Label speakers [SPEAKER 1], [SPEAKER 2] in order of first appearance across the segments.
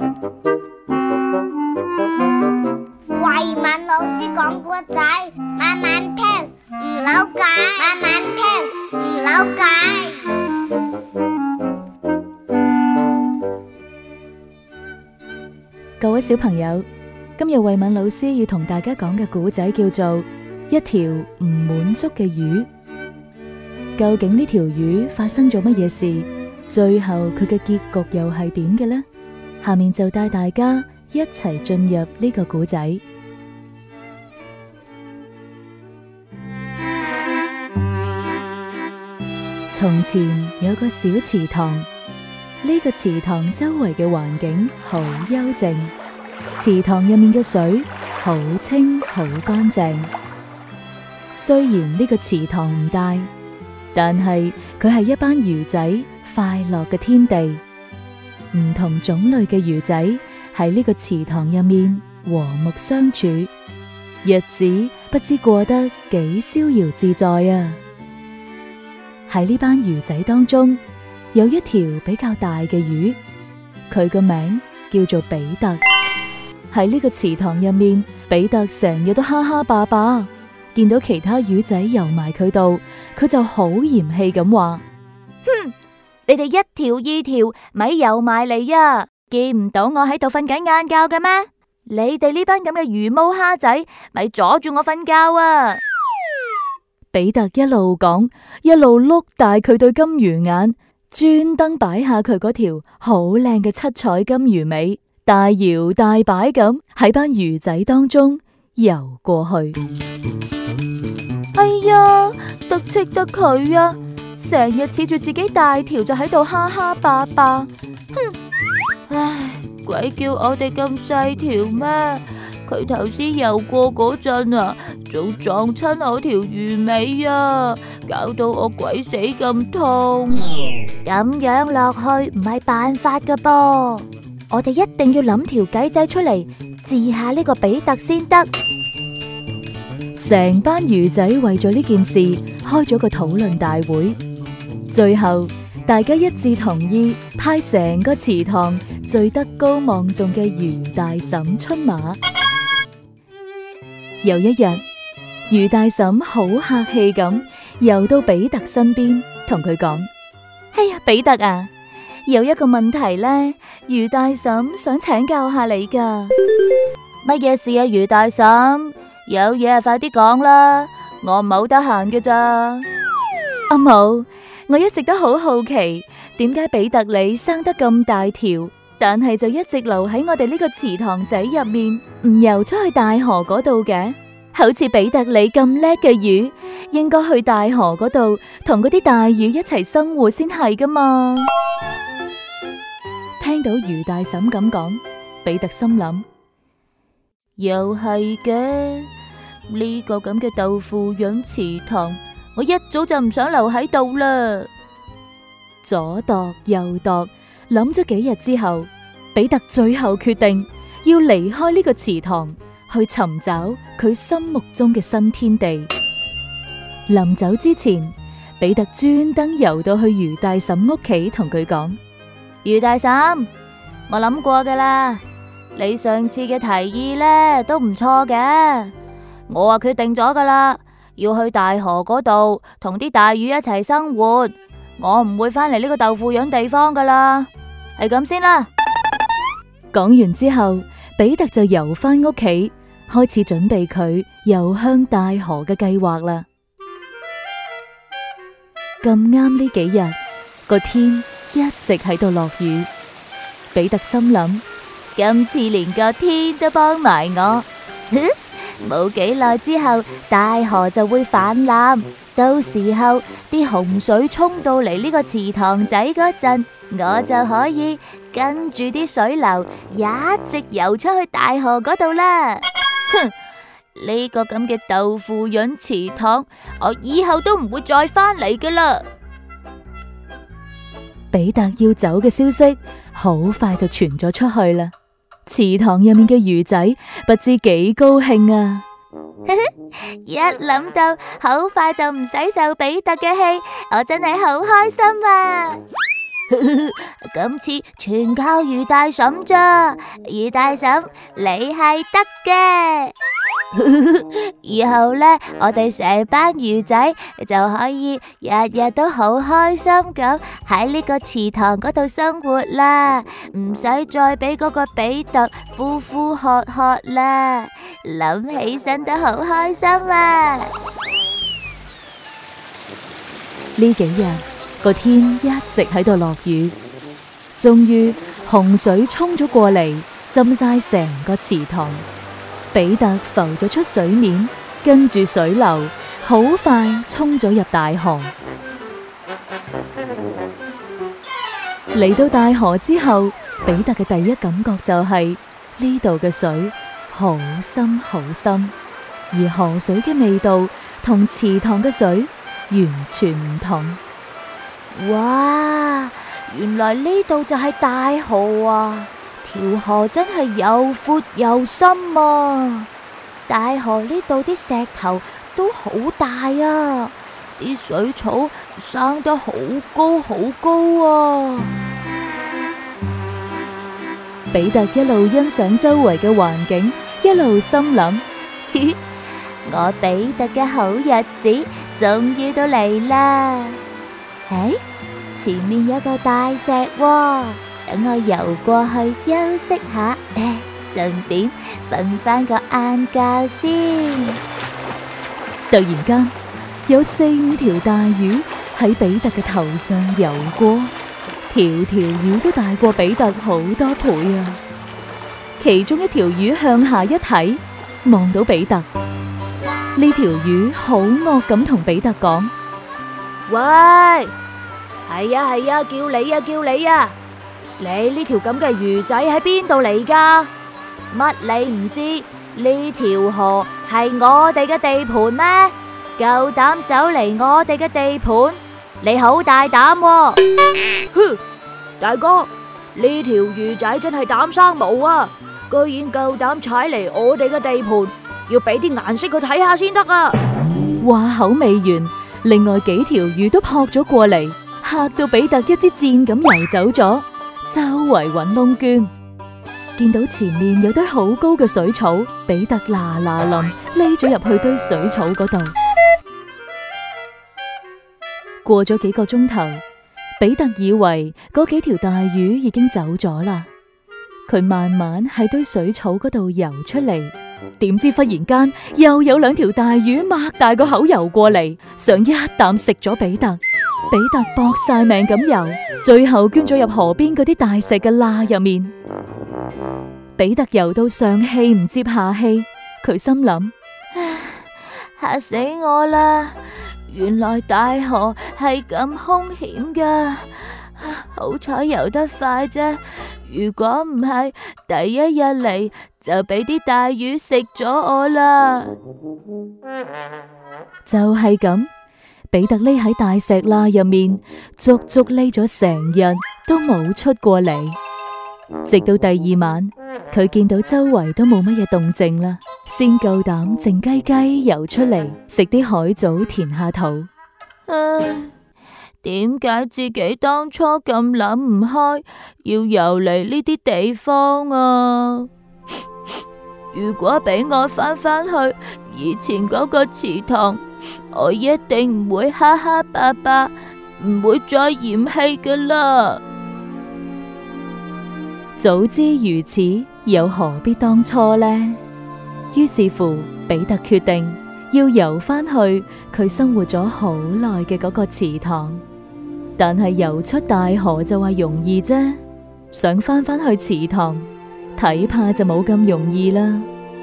[SPEAKER 1] 慧敏老師講古仔，慢慢聽，唔扭計。慢慢聽，唔扭計。各位小朋友，今日慧敏老師要同大家講嘅古仔，叫做《一條唔滿足嘅魚》。究竟呢條魚發生咗乜嘢事？最後佢嘅結局又係點嘅呢？下面就帶大家一齊進入呢個古仔。從前有個小池塘，呢個池塘周圍嘅環境好幽靜，池塘入面嘅水好清好乾淨。雖然呢個池塘唔大，但係佢係一班魚仔快樂嘅天地。唔同種類嘅魚仔喺呢個池塘入面和睦相處，日子不知過得幾逍遙自在啊！喺呢班魚仔當中，有一條比較大嘅魚，佢個名叫做比特。喺呢個池塘入面，比特成日都哈哈霸霸，見到其他魚仔游埋佢度，佢就好嫌棄咁話：哼！你哋一條二條，咪游埋嚟呀！見唔到我喺度瞓緊晏覺嘅咩？你哋呢班咁嘅魚毛蝦仔，咪阻住我瞓覺啊！比特一路講，一路碌大佢對金魚眼，專登擺下佢嗰條好靚嘅七彩金魚尾，大搖大擺咁喺班魚仔當中游過去。 哎呀，得戚得佢啊！成日恃住自己大條就喺度哈哈霸霸，哼！ 唉，鬼叫我哋咁細條咩？佢頭先游過嗰陣啊，仲撞親我條魚尾啊，搞到我鬼死咁痛！咁樣落去唔係辦法噶噃， 我哋一定要諗條計仔出嚟治下呢個比特先得。成班魚仔為咗呢件事開咗個討論大會。最後大家一致同意派成個池塘最德高望重嘅余大嬸出馬。 有一日，余大嬸好客氣咁，游到比特身邊同佢講：哎呀，比特、hey，啊，有一個問題咧，余大嬸想請教下你噶。乜嘢事啊？余大嬸，有嘢啊，快啲講啦，我冇得閒㗎咋，阿母。我一直都好好奇，點解比特里生得咁大條，但係就一直留喺我哋呢個池塘仔入面，唔游出去大河嗰度嘅？好似比特里咁叻嘅魚，應該去大河嗰度同嗰啲大魚一齊生活先係㗎嘛？聽到余大嬸咁講，比特心諗，又係嘅，呢個咁嘅豆腐養池塘。我一早就唔想留喺度啦，左度右度，諗咗幾日之後，彼特最後決定要離開呢個池塘，去尋找佢心目中嘅新天地。臨 走之前，彼特專登游到去余大嬸屋企，同佢講：余大嬸，我諗過噶啦，你上次嘅提議咧都唔錯嘅，我話決定咗噶啦。要去大河嗰度同啲大魚一齊生活，我唔會返嚟呢個豆腐樣地方噶啦，係咁先啦。講完之後，彼得就游返屋企，開始準備佢游向大河嘅計劃啦。咁啱呢幾日個天一直喺度落雨，彼得心諗：今次連個天都幫埋我。冇幾耐之後，大河就會泛濫。到時候啲洪水衝到嚟呢個池塘仔嗰陣，我就可以跟住啲水流一直游出去大河嗰度啦。哼！呢、這個咁嘅豆腐膶池塘，我以後都唔會再返嚟㗎啦。比特要走嘅消息，好快就傳咗出去啦。池塘入面嘅魚仔不知幾高興啊！ 一諗到好快就唔使受比特嘅氣，我真係好開心啊！ 今次全靠魚大嬸咋，魚大嬸你係得嘅。 以後呢，我哋成班魚仔就可以日日都好開心咁喺呢個池塘嗰度生活啦，唔使再俾嗰個彼得呼呼喝喝啦。諗起身都好開心啊！呢幾日個天一直喺度落雨，終於洪水沖咗過嚟，浸晒成個池塘。比特浮咗出水面，跟住水流，好快沖咗入大河。嚟 到大河之後，比特嘅第一感覺就係呢度嘅水好深好深，而河水嘅味道同池塘嘅水完全唔同。哇！原來呢度就係大河啊！條河真係又闊又深啊！大河呢度啲石頭都好大啊，啲水草生得好高好高啊！彼得一路欣賞周圍嘅環境，一路心諗：嘻嘻，我彼得嘅好日子仲要到嚟啦！哎，前面有個大石。等我游過去休息下，誒，順便瞓翻個晏覺先。突然間，有四五條大魚喺彼得嘅頭上游過，條條魚都大過彼得好多倍啊！其中一條魚向下一睇，望到彼得，呢條魚好惡咁同彼得講：喂，係呀係呀，叫你呀叫你呀！你呢條咁嘅魚仔喺邊度嚟噶？乜你唔知呢條河係我哋嘅地盤咩？夠膽走嚟我哋嘅地盤，你好大膽，啊！哼， 大哥呢條魚仔真係膽生毛啊，居然夠膽踩嚟我哋嘅地盤，要俾啲顏色佢睇下先得啊！話口未完，另外幾條魚都撲咗過嚟，嚇到比特一支箭咁游走咗。周圍搵窿鑽，見到前面有堆好高嘅水草，彼得嗱嗱冧匿咗入去堆水草嗰度。過咗幾個鐘頭，彼得以為嗰幾條大魚已經走咗啦，佢慢慢喺堆水草嗰度游出嚟，點知忽然間又有兩條大魚擘大個口游過嚟，想一啖食咗彼得。彼得搏晒命咁游，最後捐咗入河邊嗰啲大石嘅罅入面。彼得游到上氣唔接下氣，佢心諗：嚇死我啦！原來大河係咁兇險噶，好彩游得快啫。如果唔係，第一日嚟，就俾啲大魚食咗我啦。就係咁。比特匿喺大石罅入面，足足匿咗成日都冇出過嚟。直到第二晚，佢見到周圍都冇乜嘢動靜啦，先夠膽靜雞雞游，游出嚟，食啲海藻填下肚。唉、啊，點解自己當初咁諗唔開，要游嚟呢啲地方啊？ 如果俾我翻返去以前嗰個池塘，我一定唔會哈哈爸爸，唔會再嫌棄噶啦。早知如此，又何必當初呢？於是乎，彼得決定要游返去佢生活咗好耐嘅嗰個池塘。但係游出大河就話容易啫，想翻返去池塘，睇怕，就冇咁容易啦。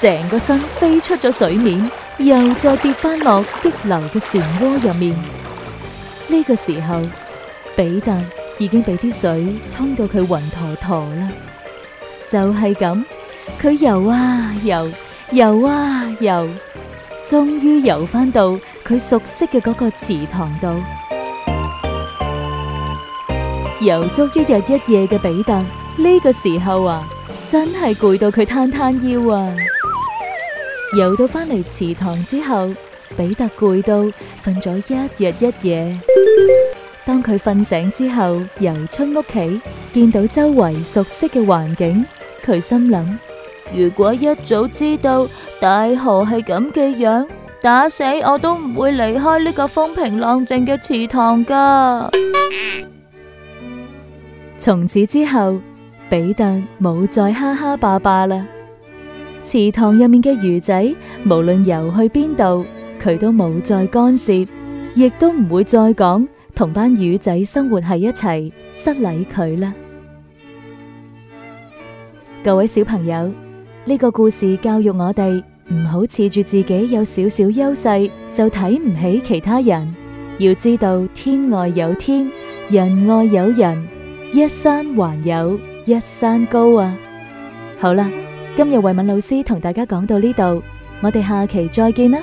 [SPEAKER 1] 成個身飛出咗水面，又再跌翻落激流嘅漩渦入面。呢個時候，比特已經俾啲水沖到佢暈陀陀啦。就係咁，佢游啊游，游啊游，終於游翻到佢熟悉嘅嗰個池塘度。游足一日一夜嘅比特，呢個時候啊，真係攰到佢攤攤腰啊！游到返嚟池塘之後，彼得攰到瞓咗一日一夜。當佢瞓醒之後，游出屋企，見到周圍熟悉嘅環境，佢心諗：如果一早知道大河係咁嘅樣，打死我都唔會離開呢個風平浪靜嘅池塘噶。從此之後，彼得冇再哈哈霸霸啦。池塘入面嘅魚仔，無論游去邊度，佢都冇再干涉，亦都唔會再講同班魚仔生活喺一齊失禮佢啦。 各位小朋友，呢個故事教育我哋唔好恃住自己有少少優勢就睇唔起其他人，要知道天外有天，人外有人，一山還有一山高啊！好啦。今日慧敏老師同大家講到呢度，我哋下期再見啦。